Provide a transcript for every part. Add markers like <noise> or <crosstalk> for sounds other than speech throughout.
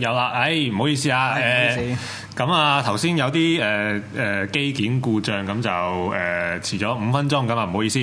有啦，哎，唔好意思啊，咁啊、哎，頭先、呃、有啲誒誒機件故障，咁就誒遲咗五分鐘，咁啊唔好意思，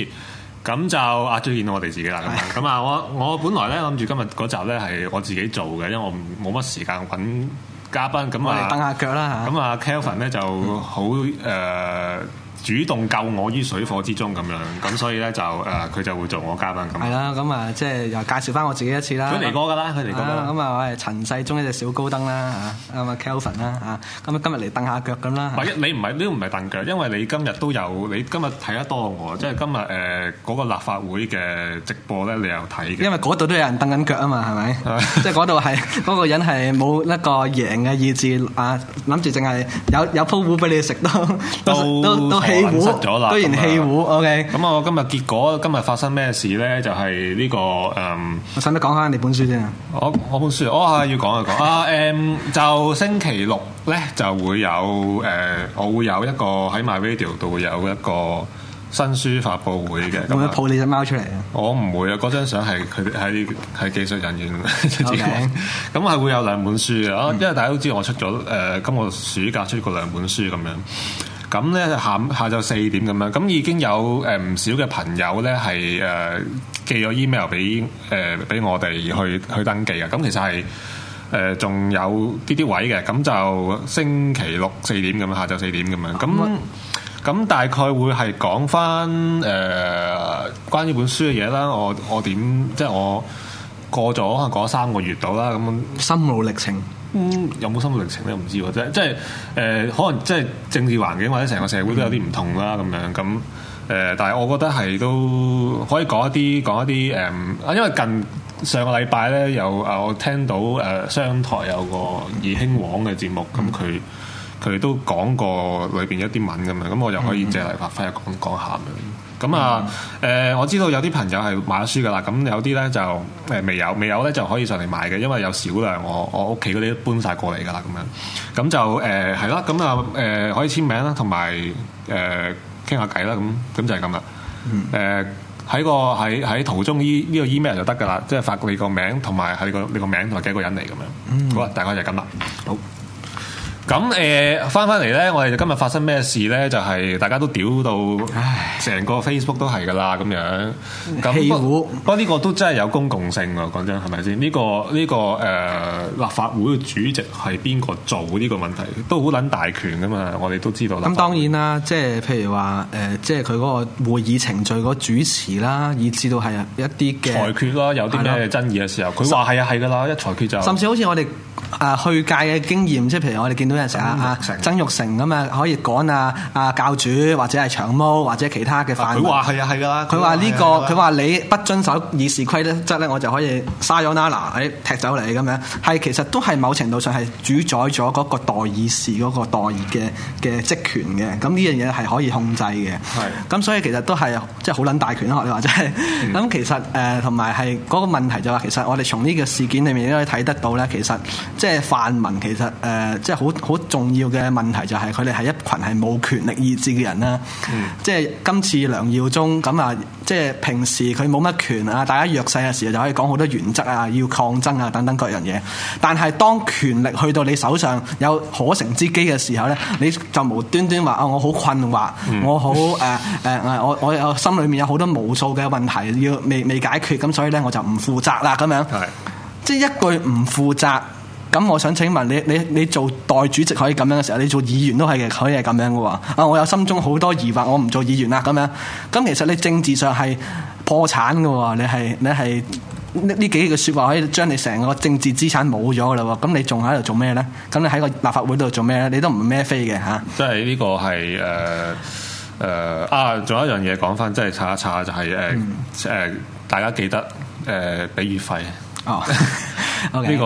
咁就阿鍾、啊、見到我哋自己啦，咁啊， <laughs> 我我本來咧諗住今日嗰集咧係我自己做嘅，因為我冇乜時間揾嘉賓，咁啊蹬下腳啦，咁啊 k e l v i n 咧就好誒。呃主動救我於水火之中咁樣，咁所以咧就誒佢、呃、就會做我嘉賓咁。係啦，咁啊即係又介紹翻我自己一次啦。佢嚟過㗎啦，佢嚟過啦咁啊，啊我係陳世忠一隻小高登啦嚇，咁啊 Calvin 啦嚇，咁啊，Calvin，啊，啊今日嚟蹬下腳咁啦。唔係，你唔係呢個唔係蹬腳，因為你今日都有你今日睇得多我，即係今日誒嗰個立法會嘅直播咧，你又睇。因為嗰度都有人蹬緊腳啊嘛，係咪？即係嗰度係嗰個人係冇一個贏嘅意志啊，諗住淨係有有鋪糊俾你食都都都。都都都都都都都氣咗啦，雖然氣壺，OK。咁啊，我今日結果今日發生咩事咧？就係、是、呢、這個誒，嗯、我先得講下你本書先啊。我我本書，我、哦、啊要講一講 <laughs> 啊。誒、嗯，就星期六咧就會有誒、呃，我會有一個喺 my radio 度有一個新書發布會嘅。咁要抱你隻貓出嚟我唔會啊，嗰張相係佢喺喺技術人員自咁係會有兩本書啊，因為大家都知道我出咗誒、呃，今個暑假出過兩本書咁樣。咁咧下下晝四點咁樣，咁已經有誒唔少嘅朋友咧係誒寄咗 email 俾誒俾我哋去去登記啊！咁其實係誒仲有啲啲位嘅，咁就星期六四點咁樣，下晝四點咁樣。咁咁大概會係講翻誒關於本書嘅嘢啦。我我點即係我過咗可能過咗三個月到啦。咁心路歷程。嗯，有冇心路歷程咧？唔知喎，即係即係誒，可能即係政治環境或者成個社會都有啲唔同啦，咁、嗯、樣咁誒、呃。但係我覺得係都可以講一啲，講一啲誒啊！因為近上個禮拜咧，有啊，我聽到誒商台有個葉興王嘅節目，咁佢佢都講過裏邊一啲文咁樣，咁我就可以借嚟發揮，講講、嗯、下咁樣。咁啊，誒、嗯嗯呃、我知道有啲朋友係買咗書噶啦，咁有啲咧就誒、呃、未有，未有咧就可以上嚟買嘅，因為有少量我我屋企嗰啲都搬晒過嚟噶啦，咁樣咁就誒係啦，咁啊誒可以簽名啦，同埋誒傾下偈啦，咁、呃、咁就係咁啦。誒喺、嗯呃、個喺喺途中呢呢個 email 就得噶啦，即係發你個名同埋係個你個名同埋幾個人嚟咁樣。嗯、好啊，大概就係咁啦。好。咁誒，翻翻嚟咧，我哋今日發生咩事咧？就係、是、大家都屌到，唉，成個 Facebook 都係噶啦咁樣，咁不過不過呢個都真係有公共性啊。講真係咪先？呢、這個呢、這個誒、呃、立法會嘅主席係邊個做呢個問題都好攬大權噶嘛，我哋都知道啦。咁當然啦，即係譬如話誒、呃、即係佢個會議程序嗰主持啦，以至到係一啲嘅裁決啦，有啲咩爭議嘅時候，佢話係啊係噶啦，一裁決就。甚至好似我哋誒去屆嘅經驗，即係譬如我哋見到。啊！嗯、曾鈺成咁啊，可以趕啊！啊教主或者係長毛或者其他嘅泛民，佢話啊係㗎、啊啊這個，佢話呢個佢話你不遵守議事規則咧，就是、我就可以嘥咗娜娜，誒、哎、踢走你咁樣。係其實都係某程度上係主宰咗嗰個代議士嗰個代議嘅嘅職權嘅。咁呢樣嘢係可以控制嘅。係是。咁所以其實都係即係好撚大權咯。你話即係。咁 <laughs> 其實誒同埋係嗰個問題就話、是，其實我哋從呢個事件裡面都可以睇得到咧。其實即係泛民其實誒、呃呃、即係好。好重要嘅問題就係佢哋係一群係冇權力意志嘅人啦，嗯、即係今次梁耀忠咁啊，即係平時佢冇乜權啊，大家弱勢嘅時候就可以講好多原則啊，要抗爭啊等等各樣嘢。但係當權力去到你手上有可乘之機嘅時候呢，你就無端端話啊，我好困惑，嗯、我好誒誒我我心裏面有好多無數嘅問題要未未解決，咁所以呢，我就唔負責啦咁樣。是即係一句唔負責。咁我想請問你，你你做代主席可以咁樣嘅時候，你做議員都係嘅，可以係咁樣嘅喎。啊，我有心中好多疑惑，我唔做議員啦，咁樣。咁其實你政治上係破產嘅喎，你係你係呢呢幾句説話可以將你成個政治資產冇咗嘅嘞喎。咁你仲喺度做咩咧？咁你喺個立法會度做咩咧？你都唔孭飛嘅嚇。即係呢個係誒誒啊！仲、呃呃啊、有一樣嘢講翻，即係查一查就係誒誒，大家記得誒，俾、呃、月費啊。Oh. <laughs> 呢個誒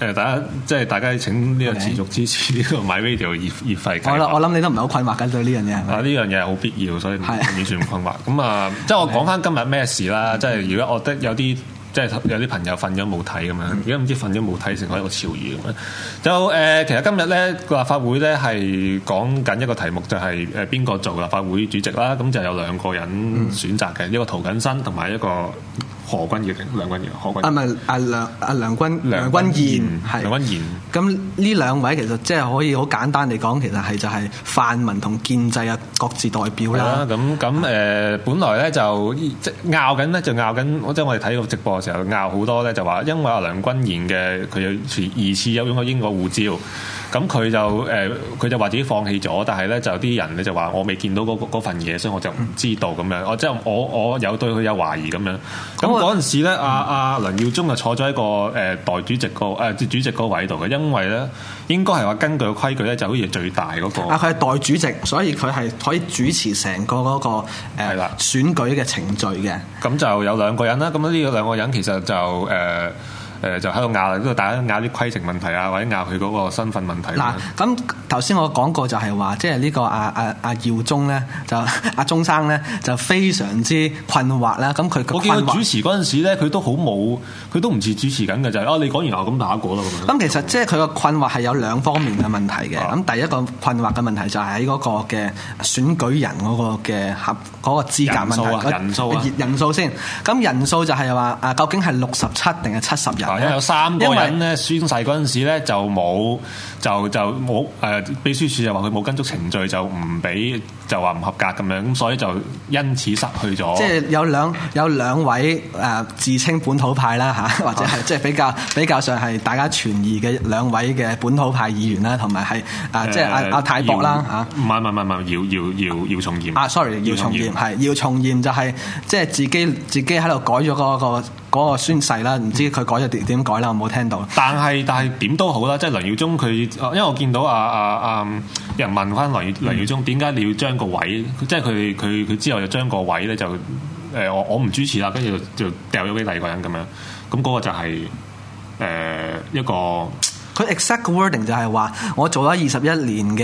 ，Okay. 大家即係大家請呢個持續支持呢個 MyRadio 月費。我我諗你都唔係好困惑㗎，對呢樣嘢啊，呢樣嘢係好必要，所以完全唔困惑。咁啊，即係我講翻今日咩事啦 Okay.？即係、嗯、如果我覺得有啲即係有啲朋友瞓咗冇睇咁樣，如果唔知瞓咗冇睇成一個潮語咁樣。就誒、呃，其實今日咧，立法會咧係講緊一個題目，就係誒邊個做立法會主席啦？咁就有兩個人選擇嘅、嗯這個，一個涂謹申同埋一個。一個何君堯定梁君彥？何君啊？啊唔係阿梁啊，梁君梁君彥，梁君彥。咁呢兩位其實即係可以好簡單嚟講，其實係就係泛民同建制啊，各自代表啦。咁咁誒，本來咧就即係拗緊咧，就拗緊，即係我哋睇個直播嘅時候，拗好多咧，就話因為阿梁君彥嘅佢有疑似有擁有英國護照。咁佢就誒，佢、呃、就話自己放棄咗，但係咧就啲人咧就話我未見到嗰份嘢，所以我就唔知道咁樣。我即係我我有對佢有懷疑咁樣。咁嗰陣時咧，阿阿梁耀忠就坐咗一個誒、呃、代主席個誒、呃、主席個位度嘅，因為咧應該係話根據個規矩咧，就好似最大嗰、那個。啊，佢係代主席，所以佢係可以主持成個嗰、那個誒、呃、的選舉嘅程序嘅。咁就有兩個人啦。咁呢兩個人其實就誒。呃誒就喺度拗啦，呢度大家都拗啲規程問題啊，或者拗佢嗰個身份問題啦。嗱，咁頭先我講過就係話，即係呢個阿阿阿耀忠咧，就阿鐘生咧，就非常之困惑啦。咁佢我見佢主持嗰陣時咧，佢都好冇，佢都唔似主持緊嘅，就係哦，你講完我咁打過啦。咁其實即係佢個困惑係有兩方面嘅問題嘅。咁的第一個困惑嘅問題就係喺嗰個嘅選舉人嗰、那個嘅合嗰個資格問題，人數、啊、人數、啊、人數先。咁人數就係話啊，究竟係六十七定係七十人？因為有三個人咧宣誓嗰陣時咧就冇就就冇誒、呃、秘書處就話佢冇跟足程序就唔俾就話唔合格咁樣，所以就因此失去咗。即係有兩有兩位誒、呃、自稱本土派啦嚇、啊，或者係、啊、即係比較比較上係大家存疑嘅兩位嘅本土派議員啦，同埋係誒即係阿阿、呃、泰博啦嚇。唔係唔係唔係要要要要，要，要重驗。啊，sorry，從要，要重驗係要重驗就係即係自己自己喺度改咗個個。嗰個宣誓啦，唔知佢改咗點點改啦，我冇聽到。但係但係點都好啦，即係梁耀忠佢，因為我見到啊啊啊有人問翻梁梁耀忠點解你要將個位，即係佢佢佢之後就將個位咧就誒我我唔主持啦，跟住就掉咗俾第二個人咁樣。咁嗰個就係誒一個。佢 exact wording 就係話：我做咗二十一年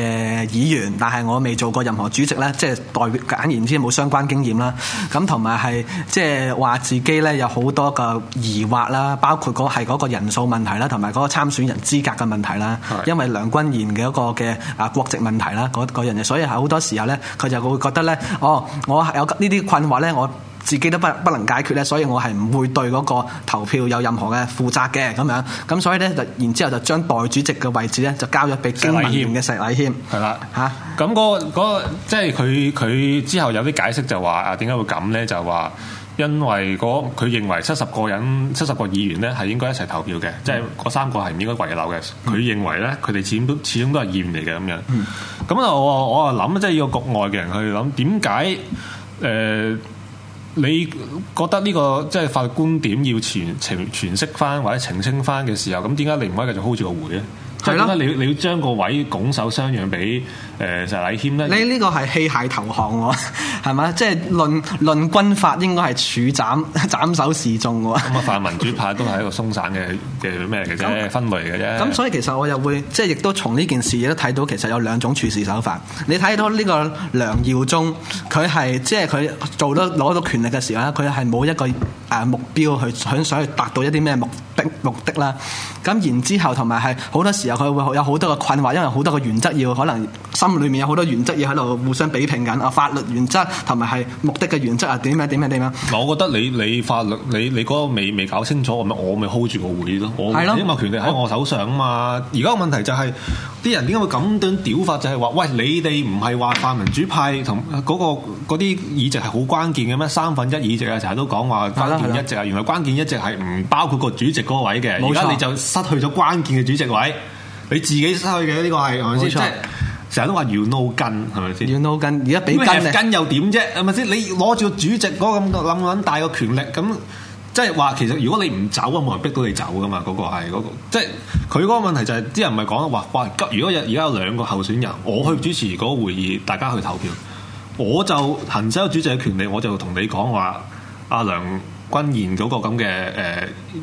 嘅議員，但係我未做過任何主席咧，即係代表簡言之冇相關經驗啦。咁同埋係即係話自己咧有好多個疑惑啦，包括嗰係嗰個人數問題啦，同埋嗰個參選人資格嘅問題啦，Yes. 因為梁君彥嘅一個嘅啊國籍問題啦，嗰、嗰個人嘅，所以係好多時候咧，佢就會覺得咧，哦，我有呢啲困惑咧，我。自己都不不能解決咧，所以我係唔會對嗰個投票有任何嘅負責嘅咁樣。咁所以咧，然之後就將代主席嘅位置咧就交咗俾石禮嘅石禮謙。係啦嚇，咁嗰的、啊嗰個、嗰個、即係佢佢之後有啲解釋就話啊點解會咁咧？就話因為佢認為七十個人七十個議員咧係應該一齊投票嘅，嗯、即係嗰三個係唔應該遺留嘅。佢、嗯、認為咧佢哋始終始終都係議員嚟嘅咁樣。咁、嗯、我我啊諗即係要局外嘅人，人去諗點解誒？你覺得呢、這個即係法律觀點要詮詮釋返或者澄清返嘅時候，咁點解你唔可以繼續 hold 住個會咧？點 <music> 你 <music> 你要將個位拱手相讓俾誒石禮謙咧？你呢個係棄械投降喎，係、呃、嘛？即係論論軍法應該係處斬斬首示眾喎。咁啊，泛民主派都係一個鬆散嘅嘅咩嘅啫，分類嘅啫。咁、嗯、所以其實我又會即係亦都從呢件事亦都睇到，其實有兩種處事手法。你睇到呢個梁耀忠，佢係即係佢做得攞到權力嘅時候咧，佢係冇一個誒目標去想想去達到一啲咩目目的啦，咁然之後同埋係好多時候佢會有好多嘅困惑，因為好多嘅原則要可能心裏面有好多原則要喺度互相比拼緊啊，法律原則同埋係目的嘅原則啊，點樣點樣點樣？嗱，我覺得你你法律你你嗰個未未搞清楚，我咪 hold 住個會咯，我咁嘅權力喺我手上啊嘛。而家個問題就係、是、啲人點解會咁樣屌法？就係話，喂，你哋唔係話泛民主派同嗰、那個嗰啲議席係好關鍵嘅咩？三分一議席啊，成日都講話關鍵一席啊，原來關鍵一席係唔包括個主席個位嘅，而家你就失去咗關鍵嘅主席位，錯你自己失去嘅呢個係係咪先？即係成日都話要 no 根，係咪先？要 no 根，而家俾緊根又點啫？係咪先？你攞住個主席嗰咁咁咁大個權力，咁即係話其實如果你唔走啊，冇人逼到你走噶嘛。嗰、那個係嗰、那個，即係佢嗰個問題就係啲人咪講話哇急。如果而家有兩個候選人，我去主持嗰個會議，嗯、大家去投票，我就行使個主席嘅權力，我就同你講話阿梁君彥嗰個咁嘅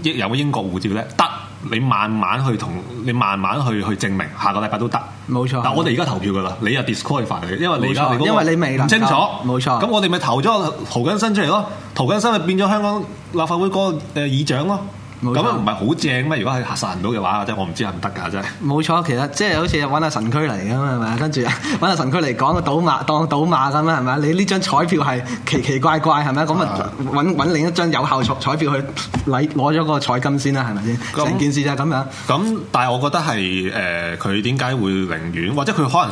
誒，有冇英國護照咧？得，你慢慢去同你慢慢去去證明，下個禮拜都得。冇錯，但我哋而家投票噶啦，你又 disqualify 翻你，因為你而家唔清楚。冇錯，咁我哋咪投咗涂謹申出嚟咯，涂謹申咪變咗香港立法會個誒議長咯。咁樣唔係好正咩？如果係殺唔到嘅話，即係我唔知係唔得㗎，真係。冇錯，其實即係好似揾下神區嚟咁係咪跟住啊，揾下神區嚟講個賭馬當賭馬咁啊係咪你呢張彩票係奇奇怪怪係咪啊？咁啊揾揾另一張有效彩票去攞咗個彩金先啦係咪先？成、嗯、件事就係咁樣。咁、嗯、但係我覺得係誒，佢點解會寧願，或者佢可能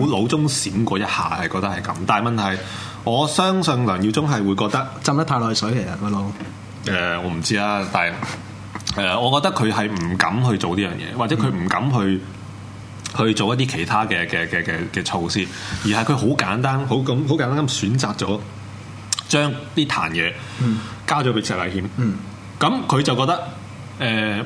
冇腦中閃過一下係、嗯、覺得係咁，但係問題係我相信梁耀忠係會覺得浸得太耐水其啊個腦。誒、嗯嗯呃、我唔知啊。但係。誒，我覺得佢係唔敢去做呢樣嘢，或者佢唔敢去、嗯、去做一啲其他嘅嘅嘅嘅嘅措施，而係佢好簡單，好咁好簡單咁選擇咗將啲彈嘢交咗俾石禮謙，咁佢、嗯、就覺得誒。呃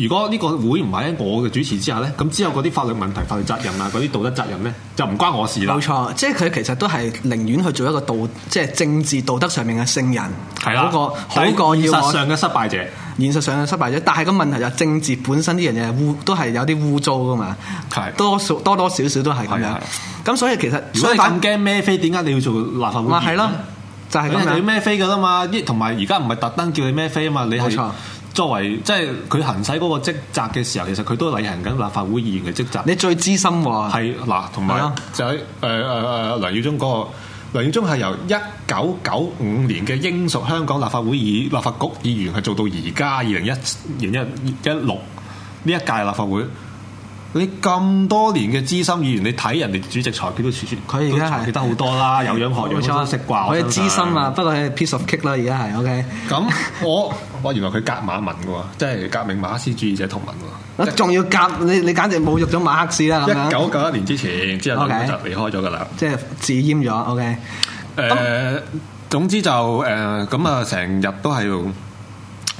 如果呢個會唔喺我嘅主持之下咧，咁之後嗰啲法律問題、法律責任啊，嗰啲道德責任咧，就唔關我事啦。冇錯，即係佢其實都係寧願去做一個道，即係政治道德上面嘅聖人，係啦的，好過好過要現實上嘅失敗者，現實上嘅失敗者。但係個問題就政治本身呢樣嘢污，都係有啲污糟噶嘛，的多數多多少少都係咁樣。咁所以其實，所以咁驚孭飛，點解你要做立法會議員？係咯，就係咁樣孭飛嘅啦嘛，同埋而家唔係特登叫你孭飛啊嘛，你係。作為即係佢行使嗰個職責嘅時候，其實佢都履行緊立法會議員嘅職責。你最資深喎，係嗱，同埋啊就喺誒誒誒梁耀忠嗰、嗰個梁耀忠係由一九九五年嘅英屬香港立法會議、立法局議員，係做到而家二零一二零一一六呢一屆立法會。你咁多年嘅資深議員，你睇人哋主席裁權都儲存，佢而家係儲得好多啦，有樣學樣，冇錯，食掛。佢係資深啊，不過係 piece of cake 啦，而家係 OK。咁我我原來佢革馬盟嘅喎，即係革命馬克思主義者同盟喎。仲要革你，你簡直侮辱咗馬克思啦！一九九一年之前之後就離開咗㗎啦，即係自閹咗。OK，誒總之就誒咁啊，成日都係用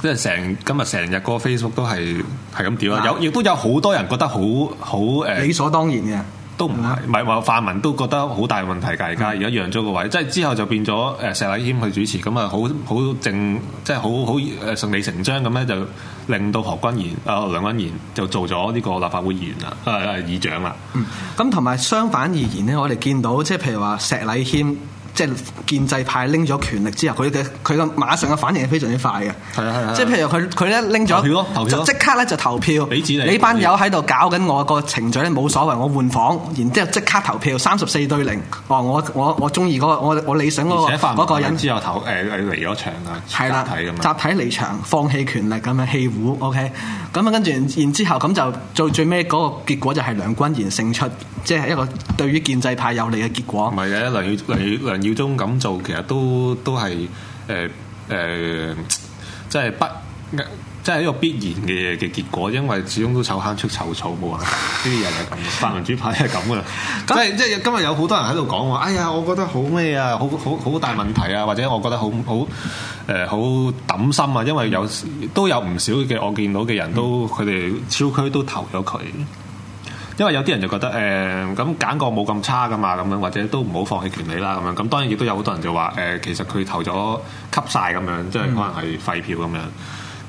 即係成今日成日個 Facebook 都係係咁屌啊！有亦都有好多人覺得好好誒理所當然嘅，都唔係話泛民都覺得好大問題㗎。而家而家讓咗個位，即係之後就變咗誒石禮謙去主持，咁啊好好正，即係好好誒順理成章咁咧，就令到何君彥啊、嗯呃、梁君彥就做咗呢個立法會議員啦，誒、呃、議長啦。嗯，咁同埋相反而言咧，我哋見到即係譬如話石禮謙、嗯。即係建制派拎咗權力之後，佢嘅佢嘅馬上嘅反應係非常之快嘅。係啊係啊！ <music> 即係譬如佢佢咧拎咗，投票投票就即刻咧就投票。俾你班友喺度搞緊我個程序咧，冇 <music> 所謂。我換房，然之後即刻投票，三十四對零。哦，我我我中意嗰個，我我理想嗰、那個嗰個人。而且投誒誒、哎、離咗場㗎，集體集體離場，放棄權力咁樣棄武。OK，咁啊跟住然之後咁就做最尾嗰個結果就係梁君彥勝出，即、就、係、是、一個對於建制派有利嘅結果。唔係嘅，梁宇要中咁做，其實都都係誒誒，即、呃、係、呃、不，即係一個必然嘅嘅結果。因為始終都臭坑出臭草，冇啊！呢啲人係咁，泛民主派係咁噶啦。即係即係今日有好多人喺度講話，哎呀，我覺得好咩啊，好好好大問題啊，或者我覺得好好誒、呃、好抌心啊。因為有都有唔少嘅我見到嘅人都，佢哋、嗯、超區都投咗佢。因為有啲人就覺得，誒、呃，咁揀個冇咁差噶嘛，咁樣或者都唔好放棄權利啦，咁樣。咁當然亦都有好多人就話，誒、呃，其實佢投咗吸晒咁樣，即、就、係、是、可能係廢票咁樣。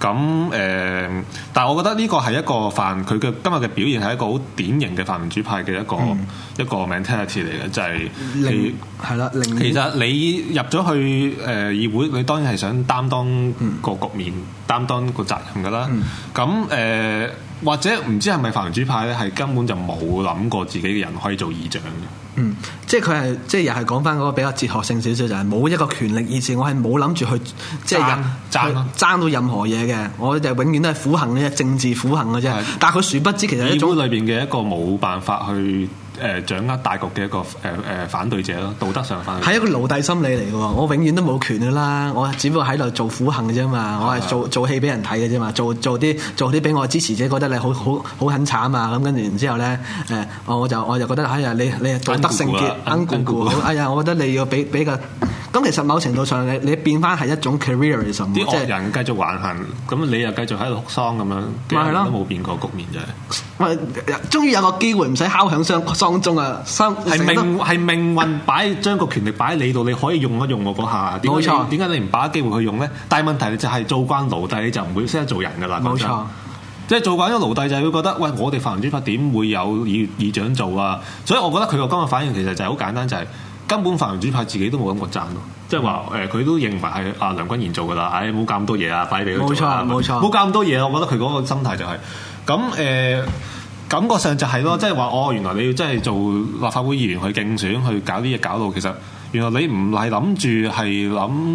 咁，誒、呃，但係我覺得呢個係一個泛佢嘅今日嘅表現係一個好典型嘅泛民主派嘅一個、嗯、一個 mentality 嚟嘅，就係你係啦。其實你入咗去誒議會，你當然係想擔當個局面、嗯、擔當個責任噶啦。咁、嗯嗯，誒、呃。或者唔知係咪泛民主派咧，係根本就冇諗過自己嘅人可以做議長嘅。嗯，即係佢係即係又係講翻嗰個比較哲學性少少，就係、是、冇一個權力意志，而且我係冇諗住去即係爭爭、啊、爭到任何嘢嘅，我哋永遠都係苦行嘅政治苦行嘅啫。的但係佢殊不知其實議會裏邊嘅一個冇辦法去。誒掌握大局嘅一個誒誒反對者咯，道德上反對。係一個奴隸心理嚟嘅喎，我永遠都冇權嘅啦，我只不過喺度做苦行嘅啫嘛，唉我係做做戲俾人睇嘅啫嘛，做做啲做啲俾我支持者覺得你好好好很慘啊咁，跟、嗯、住然之後咧誒，我就我就覺得哎呀你你得勝傑恩哎呀我覺得你要俾俾個，咁其實某程度上你你變翻係一種 careerism 即係惡人繼續橫行，咁、嗯嗯、你又繼續喺度哭喪咁樣，人人都冇變過局面啫。咪終於有個機會唔使敲響雙當中啊，係命係命運擺，將個權力擺喺你度，你可以用一用我嗰下。冇錯，點解錯你唔把握機會去用咧？但係問題就係做慣奴隸就唔會識得做人噶啦。冇錯錯，即係做慣咗奴隸，就係會覺得喂，我哋泛民主派點會有議議長做啊？所以我覺得佢個今日反應其實就係好簡單，就係、是、根本泛民主派自己都冇諗過爭喎。即係話誒，佢、呃、都認為係阿、啊、梁君彥做噶啦，唉、哎，冇咁多嘢啊，快啲俾佢做啦。冇錯，冇錯，冇咁多嘢。我覺得佢嗰個心態就係咁誒。感覺上就係、是、咯，即係話哦，原來你要真係做立法會議員去競選，去搞啲嘢，搞到其實原來你唔係諗住，係諗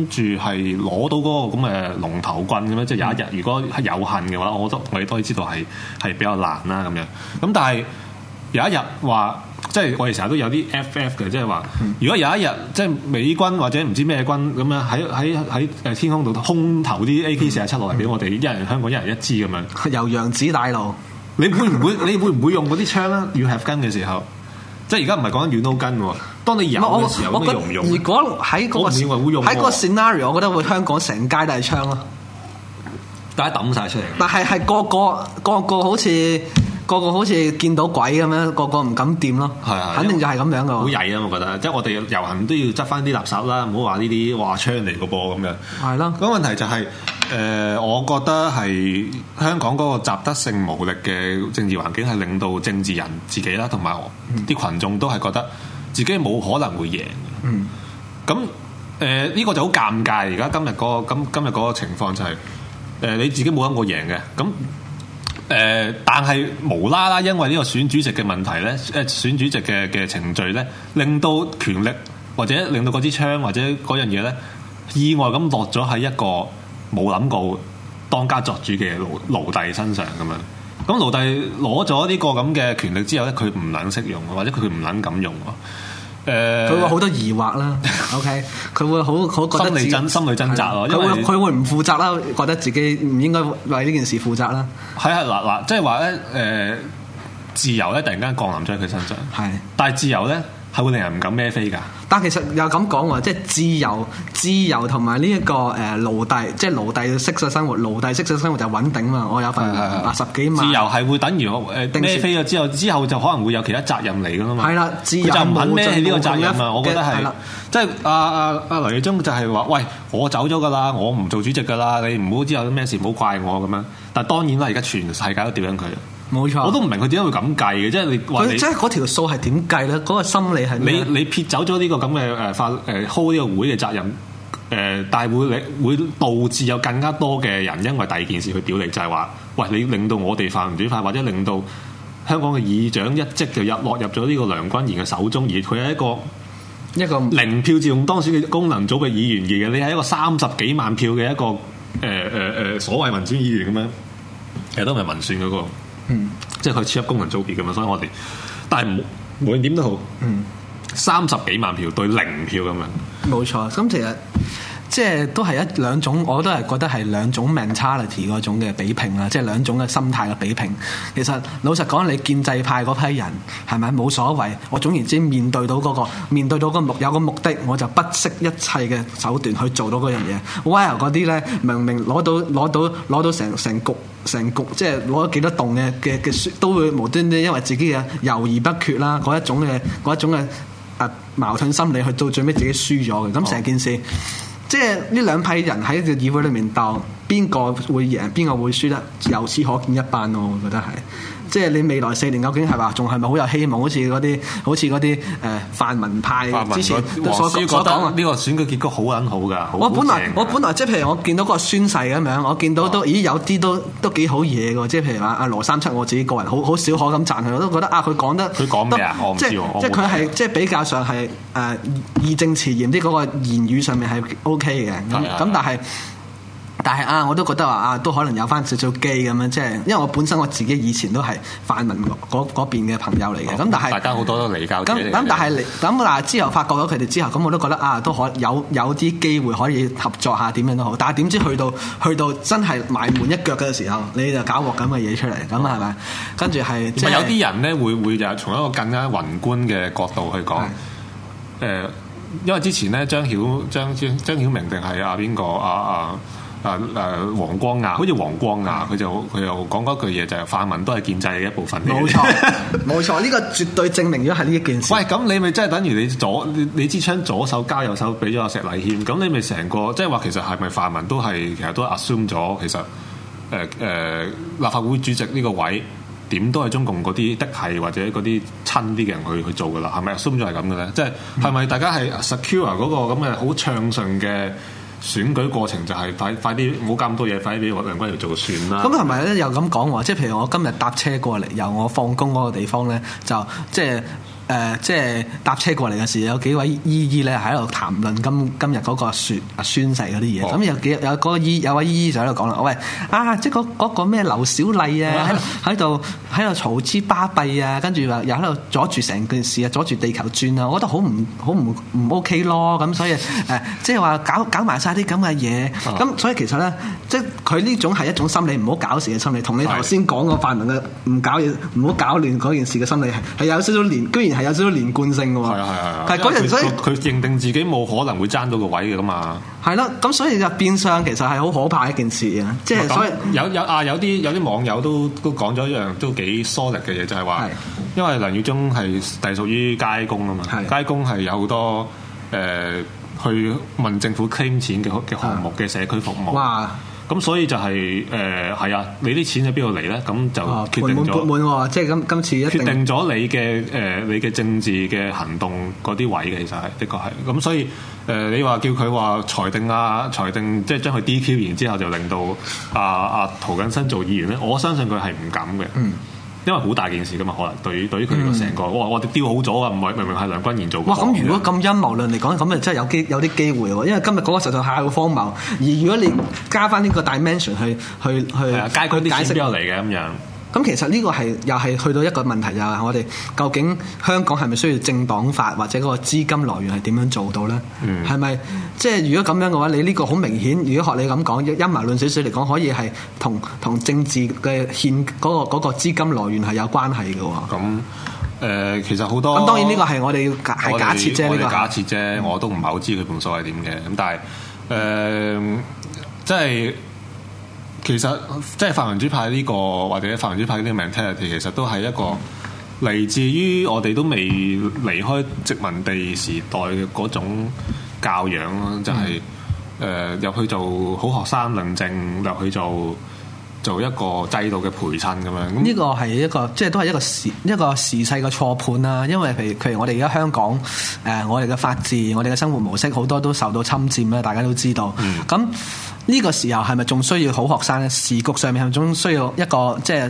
住係攞到嗰個咁嘅龍頭棍咁樣，即係有一日，如果係有限嘅話，我覺得我哋都可以知道係係比較難啦咁樣。咁但係有一日話，即係我哋成日都有啲 FF 嘅，即係話、嗯、如果有一日即係美軍或者唔知咩軍咁樣喺喺喺誒天空度空投啲 AK 四七落嚟俾我哋一人香港一人一支咁樣，由洋子帶路。 <laughs> 你會唔會你會唔會用嗰啲槍咧，啊？have gun 嘅時候，即係而家唔係講緊 have gun 喎。當你有嘅時候會唔用？如果喺嗰，那個，用那個、我會用喺個 scenario，我覺得會香港成街都係槍咯，大家抌晒出嚟。但係係個個個個好似個個好似見到鬼咁樣，個個唔敢掂咯。係，係的，肯定就係咁樣噶。好曳啊！我覺得，即係我哋遊行都要執翻啲垃圾啦，唔好話呢啲話槍嚟個波咁樣。係啦的。咁問題就係。的 <laughs> 誒、呃，我覺得係香港嗰個習得性無力嘅政治環境，係令到政治人自己啦，同埋啲群眾都係覺得自己冇可能會贏嘅。嗯，咁誒呢個就好尷尬。而家今日嗰、那個今日嗰情況就係、是、誒、呃、你自己冇諗過贏嘅。咁誒、呃，但係無啦啦，因為呢個選主席嘅問題咧，誒選主席嘅嘅程序咧，令到權力或者令到嗰支槍或者嗰樣嘢咧意外咁落咗喺一個。冇諗過當家作主嘅奴奴隸身上咁樣，咁奴隸攞咗呢個咁嘅權力之後咧，佢唔肯識用，或者佢唔肯咁用，誒、呃，佢會好多疑惑啦。OK，佢 <laughs> 會好好覺得你真 <laughs> 心裏掙扎咯，佢的為會佢會唔負責啦，覺得自己唔應該為呢件事負責啦。係係嗱嗱，即係話咧，誒、呃，自由咧突然間降臨咗喺佢身上，係的，但係自由咧。佢會令人唔敢孭飛㗎，但其實又咁講喎，即係自由、自由同埋呢一個誒奴隸，即係奴隸式嘅生活，奴隸式嘅生活就穩定嘛，我有份八十幾萬。自由係會等於我誒孭飛咗之後，時之後就可能會有其他責任嚟㗎嘛。係啦，自由孭起呢個責任嘛，我覺得係。即係阿阿阿梁耀忠就係、是、話，喂、呃呃呃呃呃呃呃呃，我走咗㗎啦，我唔做主席㗎啦，你唔好之後咩事唔好怪我咁樣。但係當然係而家全世界都屌緊佢。冇錯，我都唔明佢點解會咁計嘅，即、就、係、是、你佢真係嗰條數係點計咧？嗰、那個心理係你你撇走咗呢個咁嘅誒發誒 hold 呢個會嘅責任誒、呃，但係會你會導致有更加多嘅人因為第二件事去屌你，就係、是、話喂，你令到我哋泛民主派，或者令到香港嘅議長一職就入落入咗呢個梁君彥嘅手中，而佢係一個一個零票自動當選嘅功能組嘅議員而嘅，你係一個三十幾萬票嘅一個誒誒誒所謂民選議員咁樣，其、呃、實都唔係民選嗰、那個。嗯，即係佢超級功能組別嘅嘛，所以我哋，但係每點都好，三十幾萬票對零票咁樣，冇錯。咁其實。即係都係一兩種，我都係覺得係兩種 mentality 嗰種嘅比拼啦，即係兩種嘅心態嘅比拼。其實老實講，你建制派嗰批人係咪冇所謂？我總言之面、嗰個，面對到嗰、嗰個面對到個目有個目的，我就不惜一切嘅手段去做到嗰樣嘢。While，嗰啲呢，明明攞到攞到攞到，到成成局成局，即係攞咗幾多棟嘅嘅嘅都會無端端因為自己嘅猶豫不決啦，嗰一種嘅一種嘅矛盾心理，去到最尾自己輸咗嘅。咁成件事。即係呢兩批人喺個議會裏面鬥，邊個會贏？邊個會輸得，由此可見一斑，我覺得係。即係你未來四年究竟係話仲係咪好有希望？好似嗰啲好似嗰啲誒泛民派之前所所講。我講呢個選舉結果好撚好㗎。我本來我本來即係譬如我見到嗰個宣誓咁樣，我見到都咦有啲都都幾好嘢㗎。即係譬如話阿羅三七，我自己個人好好少可咁讚佢，我都覺得啊，佢講得。佢講咩？即係佢係即係比較上係誒義正辭嚴啲嗰個言語上面係 OK 嘅咁咁，但係。但係啊，我都覺得話啊，都可能有翻少少機咁樣，即係因為我本身我自己以前都係泛民嗰嗰邊嘅朋友嚟嘅，咁、嗯、但係是大家好多都理交嘅。咁但係嚟咁嗱，之後發覺咗佢哋之後，咁我都覺得啊，都可有有啲機會可以合作下，點樣都好。但係點知去到去到真係埋門一腳嘅時候，你就搞鑊咁嘅嘢出嚟，咁係咪？跟住係、就是、有啲人咧，會會就從一個更加宏觀嘅角度去講？誒的，因為之前咧，張曉張張張曉明定係阿邊個啊誰啊？啊啊！王光亞，好似王光亞，佢、嗯、就佢又講嗰句嘢就係、是、泛民都係建制嘅一部分。冇錯，冇 <laughs> 錯，呢、這個絕對證明咗係呢一件事。喂，咁你咪即係等於你左支槍左手交右手俾咗阿石禮謙，咁你咪成個即係話其實係咪泛民都係其實都 assume 咗其實誒誒、呃呃、立法會主席呢個位點都係中共嗰啲的係或者嗰啲親啲嘅人去去做噶啦？係咪 assume 咗係咁嘅咧？即係係咪大家係 secure 嗰、那個咁嘅好暢順嘅？那個那個選舉過程就係快加快啲，唔好咁多嘢，快啲俾梁君彥做算啦。咁同埋咧又咁講話，即係譬如我今日搭車過嚟由我放工嗰個地方咧，就即係。誒，即係搭車過嚟嘅時，有幾位姨姨咧喺度談論今今日嗰個説宣誓嗰啲嘢。咁有幾有嗰個姨有位姨姨就喺度講啦，喂啊，即係嗰個咩劉小麗啊，喺度喺度嘈之巴閉啊，跟住話又喺度阻住成件事啊，阻住地球轉啊！我覺得好唔好唔唔 OK 咯。咁所以誒，即係話搞搞埋晒啲咁嘅嘢。咁所以其實咧，即係佢呢種係一種心理，唔好搞事嘅心理。同你頭先講個泛民嘅唔搞嘢，唔好搞亂嗰件事嘅心理係有少少連，居然。係有少少連貫性嘅喎，係嗰陣所以佢認定自己冇可能會爭到個位嘅嘛。係咯、啊，咁所以變相其實係好可怕一件事啊！即、就、係、是、所以有有啊有啲有啲網友都都講咗一樣都幾 sorry 嘅嘢，就係話，因為梁耀忠係隸屬於街工啊嘛，啊街工係有好多誒、呃、去問政府 claim 錢嘅嘅項目嘅、啊、社區服務。哇咁所以就係誒係啊，你啲錢喺邊度嚟咧？咁就決定咗即係今今次一定決定咗你嘅誒、呃、你嘅政治嘅行動嗰啲位嘅，其實係的確係。咁所以誒、呃，你話叫佢話裁定啊，裁定即係將佢 DQ，然之後就令到啊啊涂謹申做議員咧，我相信佢係唔敢嘅。嗯。因為好大件事噶嘛，可能對對於佢哋成個，嗯、哇我我哋調好咗啊，唔係明明係梁君彥做過。哇，咁如果咁陰謀論嚟講，咁咪真係有機有啲機會喎。因為今日嗰個實在太好荒謬，而如果你加翻呢個 dimension 去去去，解釋啲錢邊度嚟嘅咁樣？咁其實呢個係又係去到一個問題就係、是、我哋究竟香港係咪需要政黨法或者嗰個資金來源係點樣做到呢？係咪、嗯、即係如果咁樣嘅話，你呢個好明顯。如果學你咁講陰謀論少少嚟講，可以係同同政治嘅獻嗰個嗰、那個、資金來源係有關係嘅喎。咁誒、嗯呃，其實好多咁當然呢個係我哋係們假設啫，呢個假設啫，嗯、我都唔係好知佢本數係點嘅。咁但係誒、呃，即係。其實即係泛民主派呢、這個或者泛民主派呢個 mentality，其實都係一個嚟自於我哋都未離開殖民地時代嘅嗰種教養咯，就係誒入去做好學生論證，入去做做一個制度嘅陪襯咁樣。呢個係一個即係都係一個時一個時勢嘅錯判啦、啊，因為譬如譬如我哋而家香港誒、呃，我哋嘅法治、我哋嘅生活模式好多都受到侵占。咧，大家都知道。咁、嗯呢個時候係咪仲需要好學生呢？時局上面係咪仲需要一個即係誒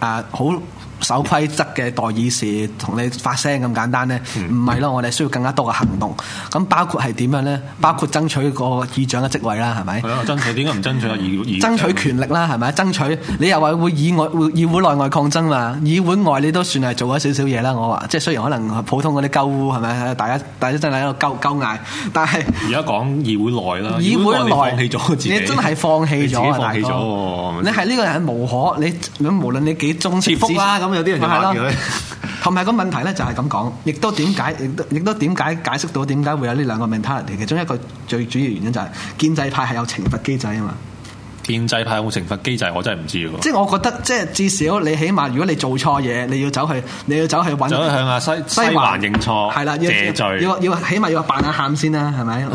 好，就是呃守規則嘅代議事同你發聲咁簡單咧，唔係咯？我哋需要更加多嘅行動。咁包括係點樣咧？包括爭取個議長嘅職位啦，係咪？係爭取點解唔爭取議議？爭取權力啦，係咪？爭取你又話會議外議會內外抗爭嘛？議會外你都算係做咗少少嘢啦。我話即係雖然可能普通嗰啲鳩係咪？大家大家真係喺度鳩鳩嗌，但係而家講議會內啦，議會內，議會內放棄咗你真係放棄咗啊大哥！啊、你係呢個人無可你無論你幾忠誠、啊。咁 <music> <music> 有啲人就講住咧，同埋個問題咧就係咁講，亦都點解，亦都亦都點解解釋到點解會有呢兩個 mentality，其中一個最主要原因就係建制派係有懲罰機制啊嘛。建制派有冇懲罰機制？我真係唔知。即係我覺得，即係至少你起碼，如果你做錯嘢，你要走去，你要走去揾，走去向阿西西環認錯，謝罪環，要醉要，要起碼要扮下喊先啦，係咪？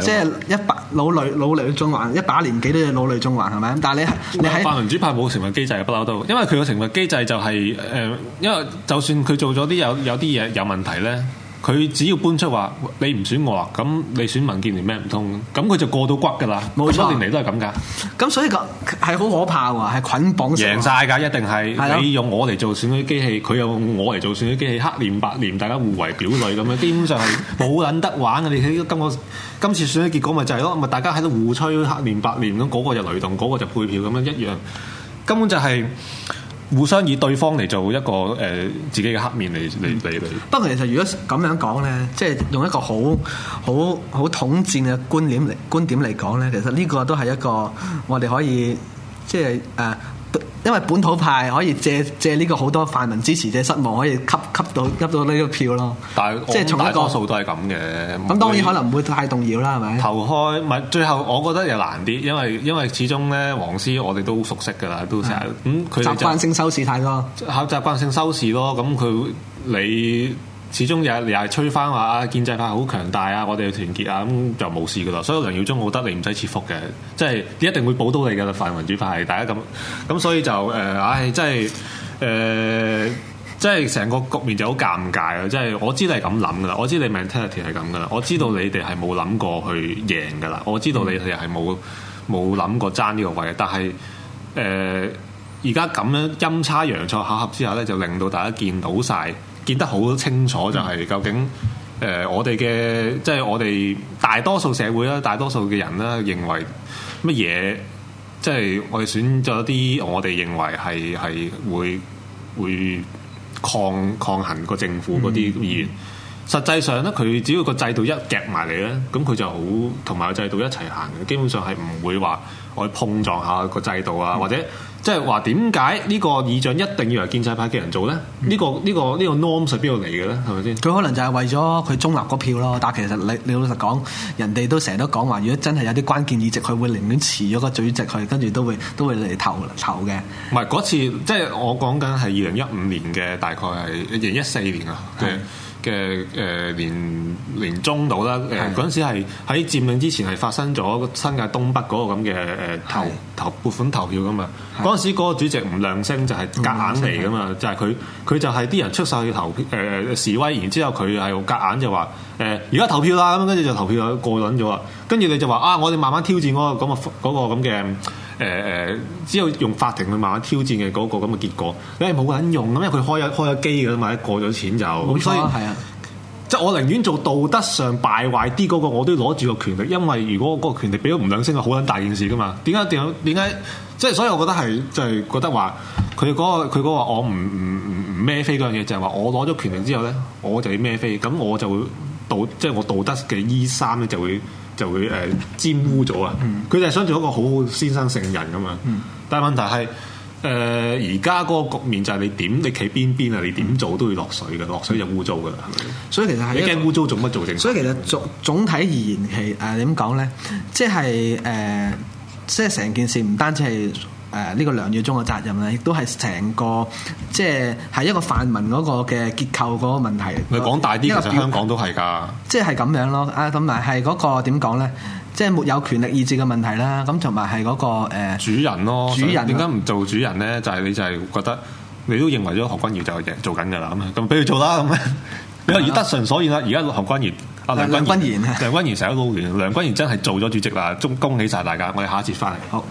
即係一把老淚老淚縱橫，一把年紀都要老淚縱橫，係咪？但係你你係民主派冇懲罰機制，不嬲都，因為佢個懲罰機制就係、是、誒、呃，因為就算佢做咗啲有有啲嘢有，有問題咧。佢只要搬出話，你唔選我啊，咁你選民建聯咩唔通？咁佢就過到骨㗎喇。冇錯，年嚟都係咁㗎。咁所以個係好可怕喎，係捆綁，綁。贏晒㗎，一定係的你用我嚟做選舉機器，佢用我嚟做選舉機器，黑連白連，大家互為表裏咁樣，基本上係冇撚得玩嘅。你睇今個今次選舉結果咪就係、是、咯，咪大家喺度互吹黑連白連咁，嗰、那個就雷動，嗰、那個就配票咁樣一樣，根本就係、是。互相以對方嚟做一個誒、呃、自己嘅黑面嚟嚟俾佢。不過、嗯、其實如果咁樣講咧，即、就、係、是、用一個好好好統戰嘅觀點嚟觀點嚟講咧，其實呢個都係一個我哋可以即係誒。就是呃因為本土派可以借借呢個好多泛民支持者失望，可以吸吸到吸到呢個票咯。但係即係從大多數都係咁嘅。咁當然可能唔會太動搖啦，係咪你？投開咪最後，我覺得又難啲，因為因為始終咧黃絲我哋都好熟悉㗎啦，都成日咁佢習慣性收視太多，考習慣性收視咯，咁佢你。始終又又係吹翻話建制派好強大啊！我哋嘅團結啊，咁就冇事噶啦。所以梁耀忠好得你唔使切腹嘅，即係一定會補到你噶啦。泛民主派係大家咁咁，所以就誒，唉、呃，真係誒，即係成、呃、個局面就好尷尬啊！即係我知你係咁諗噶啦，我知你 mentality 係咁噶啦，我知道你哋係冇諗過去贏噶啦，我知道你哋係冇冇諗過爭呢個位。但係誒，而家咁樣陰差陽錯巧合之下咧，就令到大家見到晒。見得好清楚，就係究竟誒、呃，我哋嘅即係我哋大多數社會啦，大多數嘅人啦，認為乜嘢即係我哋選擇咗啲我哋認為係係會會抗抗衡個政府嗰啲議員。嗯嗯、實際上咧，佢只要個制度一夾埋嚟咧，咁佢就好同埋個制度一齊行嘅，基本上係唔會話我碰撞下個制度啊，嗯、或者。即係話點解呢個議長一定要係建制派嘅人做呢？呢、嗯這個呢、這個呢、這個 norm 係邊度嚟嘅呢？係咪先？佢可能就係為咗佢中立嗰票咯。但其實你你老實講，人哋都成日都講話，如果真係有啲關鍵議席，佢會寧願辭咗個主席去，跟住都會都會嚟投投嘅。唔係嗰次，即、就、係、是、我講緊係二零一五年嘅，大概係二零一四年啊。嗯嘅誒年年中度啦，誒嗰陣時係喺佔領之前係發生咗新界東北嗰個咁嘅誒投投撥款投票噶嘛，嗰陣是的 時個主席吳亮星就係夾硬嚟噶嘛，就係佢佢就係啲人出晒去投誒、呃、示威，然之後佢係用夾硬就話誒而家投票啦，咁跟住就投票有過輪咗啦，跟住你就話啊，我哋慢慢挑戰嗰、嗰個咁啊嗰咁嘅。嗰個嗰個誒誒，只有用法庭去慢慢挑戰嘅嗰個咁嘅結果，你係冇人用，咁因為佢開咗開咗機嘅啦嘛，過咗錢就，咁錯所以係啊，即係的我寧願做道德上敗壞啲嗰、那個，我都攞住個權力，因為如果我嗰個權力俾咗吳亮星，係好撚大件事噶嘛，點解點解點解即係所以我覺得係就係、是、覺得話，佢嗰、那個佢嗰個我唔唔唔唔孭飛嗰樣嘢，就係、是、話我攞咗權力之後咧，我就要孭飛，咁我就會道即係我道德嘅衣衫咧就會。就會誒沾污咗啊！佢哋係想做一個好好先生聖人咁啊！嗯、但問題係誒而家嗰個局面就係你點你企邊邊啊？你點做都要落水嘅，落水就污糟噶啦！嗯、所以其實係驚污糟做乜做啫？所以其實總總體而言係誒點講咧？即係誒、呃，即係成件事唔單止係。誒呢個梁耀忠嘅責任咧，亦都係成個即係一個泛民嗰個嘅結構嗰個問題。你講大啲，其實香港都係㗎。即係咁樣咯。啊，同埋係嗰個點講咧，即係沒有權力意志嘅問題啦。咁同埋係嗰個主人咯。主人點解唔做主人咧？就係、是、你就係覺得你都認為咗何君堯就做緊㗎啦。咁啊，咁俾佢做啦。咁樣，你 <laughs> 話、嗯、以德順所言啦。而家何君堯、阿梁君彥、梁君彥成日都撈亂。梁君彥 <laughs> 真係做咗主席啦，恭喜晒大家！我哋下一次翻嚟好。